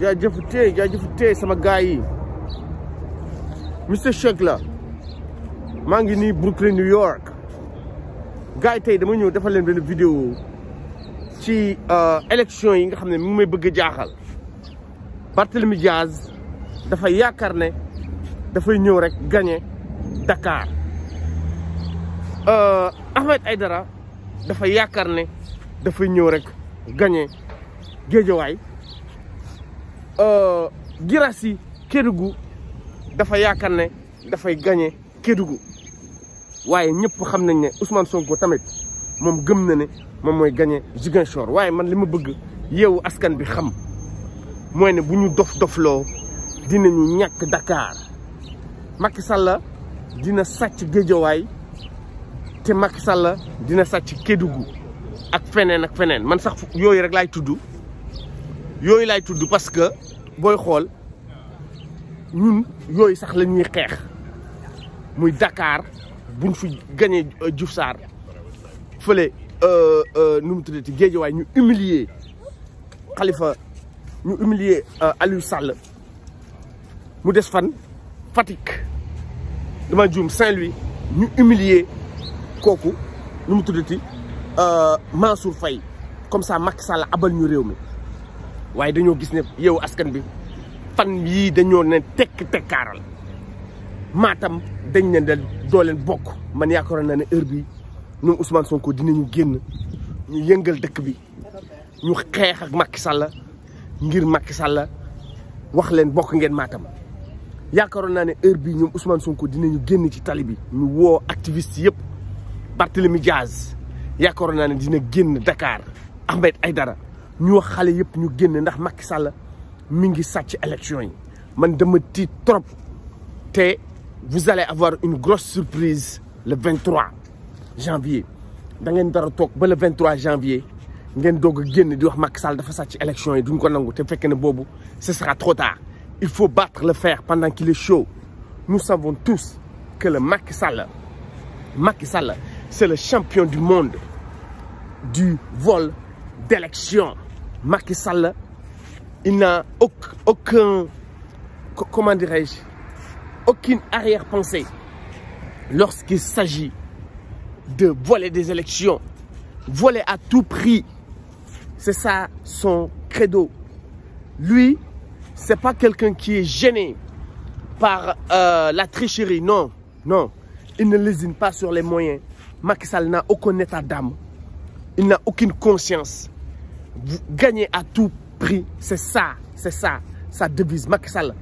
jaajëfu tey jaajëfu tey sama gaay yi Mister Shake maa ngi nii Brooklyn New York gaay tey dama ñëw dafa leen benn vidéo ci euh, élection yi nga xam ne mi may bëgg a jaaxal Barthélemy Diaz dafa yaakaar ne dafay ñëw rek gagné Dakar euh, Ahmed Aidara dafa yaakaar ne dafay ñëw rek gagné euh girasi kerugu, dafa yaakaar ne dafay kerugu. Kédougou waaye ñëpp xam nañ ne Ousmane Sonko tamit mom gëm na ne moy gagner jigen chor waye man lima bëgg askan bi xam moy ne buñu dof dof lo dinañu ñak Dakar Macky Sall dina sàcc géejawaay te Macky Sall dina sacc kedugu ak fenen ak fenen man sax yoy rek lay tuddu yoy lay tudd parce que boy xol ñun yoy sax la ñuy xeex muy Dakar buñ fi djouf gañee euh, Diouf euh fële euh, nu mu djéji way ñu humilier Khalifa ñu humilier euh, Aliou Sall mu dess fan fatik dama juum Saint-Louis ñu humilier kooku nu mu euh Mansour fay comme ça mak Sall abal ñu rewmi waaye dañoo gis ne yow askan bi fan yii dañoo ne tekk tekkaaral maatam dañ ne da doo leen bokk man yaakaaroon naa ne heure bi ñoom Ousmane Sonko dinañu génn ñu yëngal dëkk bi ñu xeex ak Macky Sall ngir Macky Sall wax leen bokk ngeen maatam yaakaaroon naa ne heure bi ñoom Ousmane Sonko dinañu génn ci tali bi ñu woo activiste yëpp Barthélemy Diaz yaakaaroon naa ne dina génn Dakar Ahmed dara Nous, allons nous nous ñu génn ndax Macky Sall mi ngi élection yi man trop vous allez avoir une grosse surprise le 23 janvier da le 23 janvier nous allons nous génn di wax Macky Sall dafa élection yi duñ ko nangu ce sera trop tard il faut battre le fer pendant qu'il est chaud nous savons tous que le Macky Sall Macky Sall c'est le champion du monde du vol d'élection Macky Sall, il n'a aucun, comment dirais-je, aucune arrière-pensée lorsqu'il s'agit de voler des élections, voler à tout prix. C'est ça son credo. Lui, c'est pas quelqu'un qui est gêné par euh, la tricherie. Non, non. Il ne lésine pas sur les moyens. Macky Sall n'a aucun état d'âme. Il n'a aucune conscience gagner à tout prix c'est ça c'est ça ça devise Macky Sall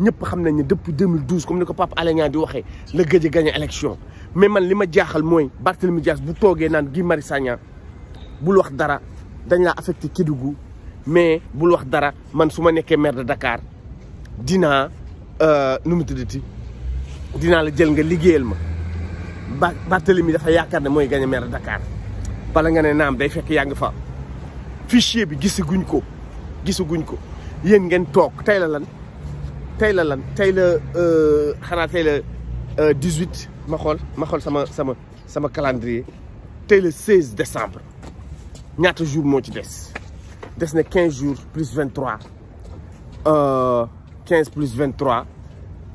ñëpp xam nañ depuis 2012 comme ni ko Pape Alé Niang di waxee le gëj a élection mais man li ma jaaxal mooy Barthélemy Dias bu toogee naan Guy Marius Sagna bul wax dara dañ laa affecté Kédougou mais bul wax dara man su ma nekkee maire de Dakar dinaa euh, nu mu tuddati dinaa la jël nga liggéeyal ma Barthélemy dafa yaakaar ne mooy gagné maire de Dakar bala nga ne naam day fekk yaa ngi fa fichier bi gisaguñ ko gisaguñ ko yéen ngeen tok tey la lan tey la lan tey la euh, xana tey la 18 euh, ma xol ma xol sama sama sama calendrier tey le 16 décembre ñaata jour mo ci dess dess na 15 jours plus 23 15 euh, plus 23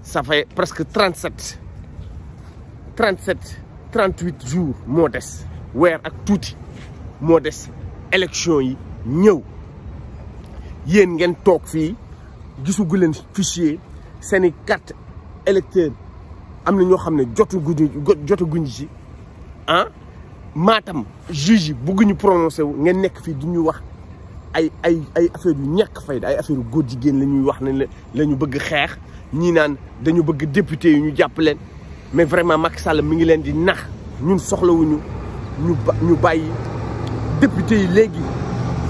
ça fait presque 37 37 38 jours mo dess weer ak touti mo dess élection yi yeen ngeen tok fi fichier seen carte électeur amna ñoo guñu jotu guñu ci ah. matam, juge yi bëgguñu wu ngeen nekk fi du wax ay ay ay affaire yu ñek fayda ay affaire yu góor wax ne bëgg xex mais vraiment Macky Sall mi ngi di nax ñun député légui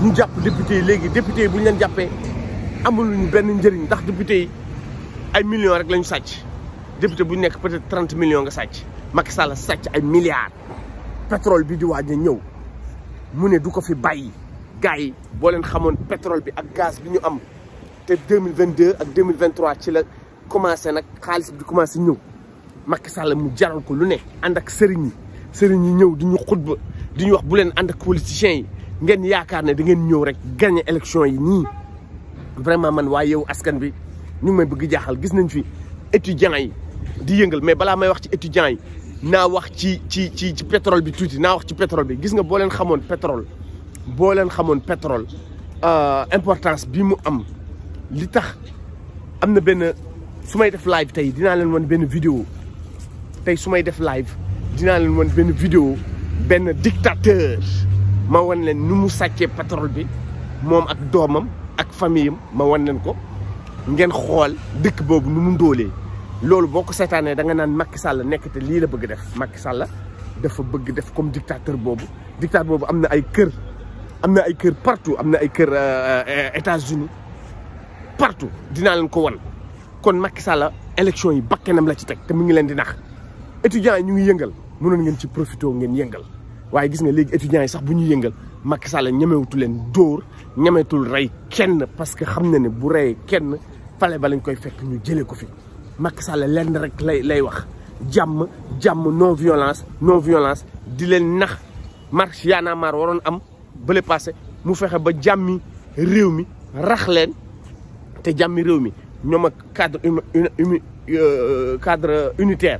ñu japp député légui député buñu bu jappé leen jàppee amuluñu benn député un ay millions rek lañu député bu nek peut-être trente millions nga sàcc Macky Sall un ay milliards pétrole bi di waaj a mu ne du ko fi bayyi gaay bo leen pétrole bi ak gaz bi ñu am té deux mille vingt deux ak deux mille vingt trois ci la commencé nak xaalis bi commencé ñew Macky Sall mu jaral ko lu ne and ak sëriñ yi sëriñ yi di ñu khutba di ñu wax bu leen ànd ak politiciens yi ngeen yaakaar ne da ngeen ñëw rek gagné élection yi nii vraiment man waa yow askan bi ñu may bëgg jaaxal gis nañ fi étudiants yi di yëngal mais balaa may wax ci étudiants yi naa wax ci ci ci pétrole bi tuuti naa wax ci pétrole bi gis nga booleen leen xamoon pétrole boo leen xamoon pétrole euh, importance bi mu am li tax am na benn su may def live tey dinaa leen wan benn vidéo tey su may def live dinaa leen wan benn vidéo benn dictateur ma wan leen nu mu sàccee pétrole bi moom ak doomam ak famille am ma wan leen ko ngeen xool dëkk boobu nu mu ndóolee loolu boo ko seetaanee da nga naan Macky sàlla nekk lii la bëgg def Macky Sall dafa bëgg def comme dictateur boobu dictateur boobu am na ay kër am na ay kër partout am na ay kër euh, États-Unis partout dinaa leen ko wan kon Macky Sall élection yi nam la ci teg te mu ngi leen di nax étudiants yi ñu ngi yëngal Nous ngeen ci profité ngeen yëngal waaye gis nga les étudiants yi sax bu ñu yëngal Macky Sall ñemeewutu leen dóor kenn parce que ne bu reyee kenn fale ba lañ koy fekk ñu ko fi lenn rek lay wax non violence non violence di leen nax marche Y'en mar waroon am bële passé mu fexe ba jàmmi rax cadre unitaire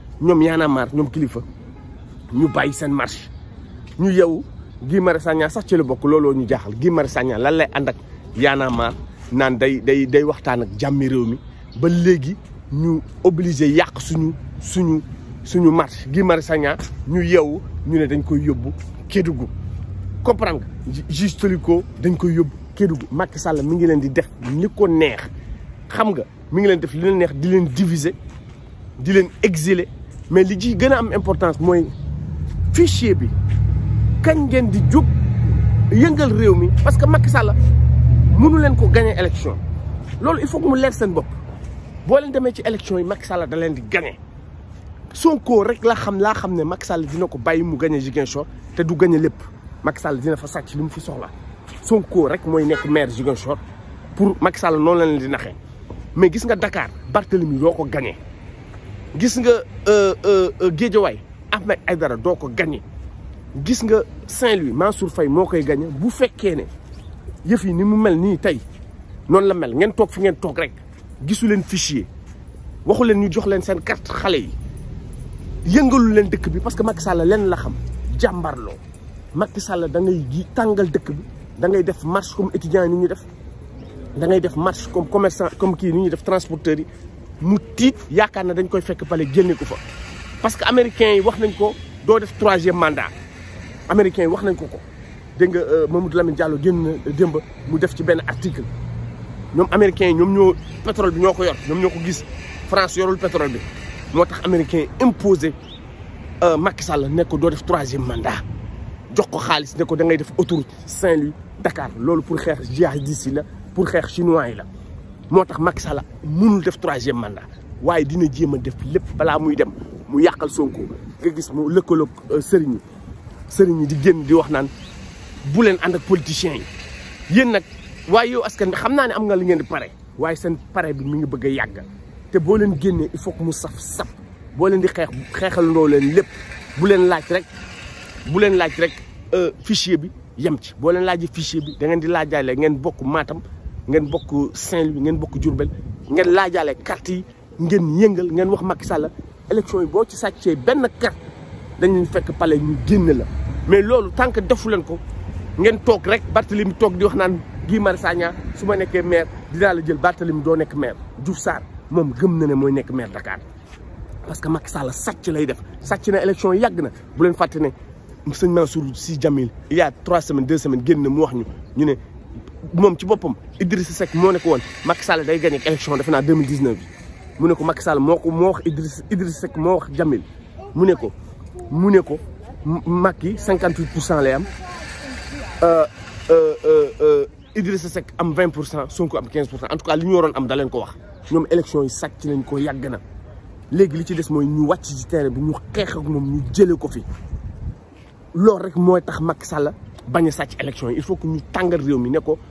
ñoom Y'en a ñoom kilifa ñu bàyyi seen marche ñu yew gii Marius Sagna sax ci la bokk looloo ñu jaaxal Guy Marius Sagna lan lay ànd ak Y'en naan day day day waxtaan ak jàmmi réew mi ba léegi ñu obligé yàq suñu suñu suñu marche Guy Marius Sagna ñu yew ñu ne dañ koy yóbbu Kédougou comprendre nga juge Téliko dañ koy yóbbu Kédougou Macky Sall mi ngi leen di def ni ko neex xam nga mi ngi leen def li leen neex di leen diviser di leen exiler mais li di gëna am importance moy fichier bi kañ ngeen di jóg yëngal réew mi parce que Macky Sall mënu leen ko gagner élection loolu il faut que mu lève sen bop bo leen démé ci élection yi Macky Sall da leen di gagné Sonko rek la xam la xamné Macky Sall dina ko bàyyi mu gagné Ziguinchor te du gagner lépp Macky Sall dina fa sàcc li mu fi soxla Sonko rek moy nekk maire Ziguinchor pour Macky Sall non la di naxé mais gis nga Dakar Barthélemy doo ko gis nga euh, euh, euh, Guédiawaye Ahmed Aïdara doo ko gagné gis nga Saint-Louis Mansour Fay moo koy gagné bu fekkee ne yëf yi ni mu mel ni tay Non la mel ngén tok fi ngén tok rek gisu len fichier waxu len ñu jox len sen carte xalé yi yëngalu len dëkk bi parce que Macky Sall leen la xam jàmbarloo Macky Sall da ngay tangal dëkk bi da ngay def marche comme étudiant ni ñu def da ngay def marche comme commerçant comme qui ni ñu def transporteur yi mu tiit yaakaar dañ koy fekk pale génne ko fa parce que américain yi wax nañ ko do def 3e mandat américain yi wax nañ ko ko dégg nga euh, Mamadou Lamine Diallo génn na mu def ci ben article ñom américain ñom ñoom ñoo pétrole bi ñoo ko yor ñom ñoo ko gis France yorul pétrole bi motax américain américains yi imposé euh, Macky Sall ne ko doo def 3e mandat jox ko xaliss ne ko da ngay def autoroute Saint-Louis Dakar lolu pour xex jihadistes yi la pour xex chinois yi la moo tax Macky Sall mënul def troisième mandat waaye dina jéem a def lépp balaa muy dem mu yàqal Sonko nga gis mu lëkkaloog euh, sëriñ yi sëriñ di génn di wax naan bu leen ànd ak politiciens yi yéen nag waaye yow askan bi xam naa ne am nga li ngeen di pare waaye seen pare bi mu ngi bëgg a yàgg te boo leen génnee il faut mu saf saf boo leen di xeex xeexal ndoo leen lépp bu leen laaj rek bu leen laaj rek euh, fichier bi yem ci boo leen laaj fichier bi da di laajaale ngeen bokk maatam ngeen bokku Saint-Louis ngeen bokku Diourbel ngeen laajaale carte ngeen yengal ngeen wax Macky Sall election bo ci satché ben carte dañuy fekk pale ñu genn la mais lolu tank defu len ko ngeen tok rek bartelim tok di wax nan gui Marius Sagna su ma maire dina la jël bartelim do nekk maire djouf sar mom gëm na né moy nekk maire Dakar parce que Macky Sall satch lay def satch na election yag na bu len fàtte né sëñ Mansour si jamil il y a 3 semaines 2 semaines génn mu wax ñu ñu né mom ci boppam idriss Seck moo nekk won Macky Sall day gagné élection defe 2019 bi mu ne ko Macky Sall moko mo wax idriss idriss Seck mo wax Jamil mu ne ko mu ne ko Macky 58 euh euh lay euh, euh, Seck am 20 Sonko am 15 en tout cas li ñu waron am dalen ko wax ñom élection yi ci nañ ko yàgg na léegi li ci dess moy ñu wacc ci terrain bi ñu xex ak mom ñu jëlé ko fi lool rek moy tax Macky Sall bañ a élection il faut que ñu tangal réew mi ne ko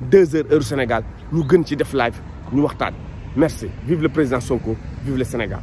2 heures heure Sénégal nous gagnons de def live nous merci vive le président Sonko vive le Sénégal